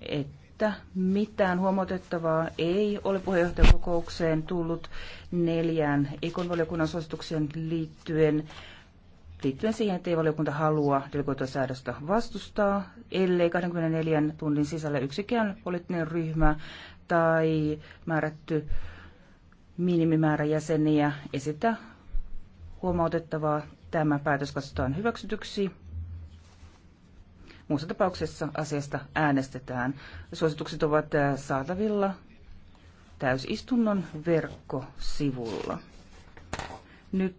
että mitään huomautettavaa ei ole puheenjohtajakokoukseen tullut neljään ekon valiokunnan liittyen liittyen siihen, että ei valiokunta halua delegoitua säädöstä vastustaa, ellei 24 tunnin sisällä yksikään poliittinen ryhmä tai määrätty minimimäärä jäseniä esitä huomautettavaa. Tämä päätös katsotaan hyväksytyksi. Muussa tapauksessa asiasta äänestetään. Suositukset ovat äh, saatavilla täysistunnon verkkosivulla. Nyt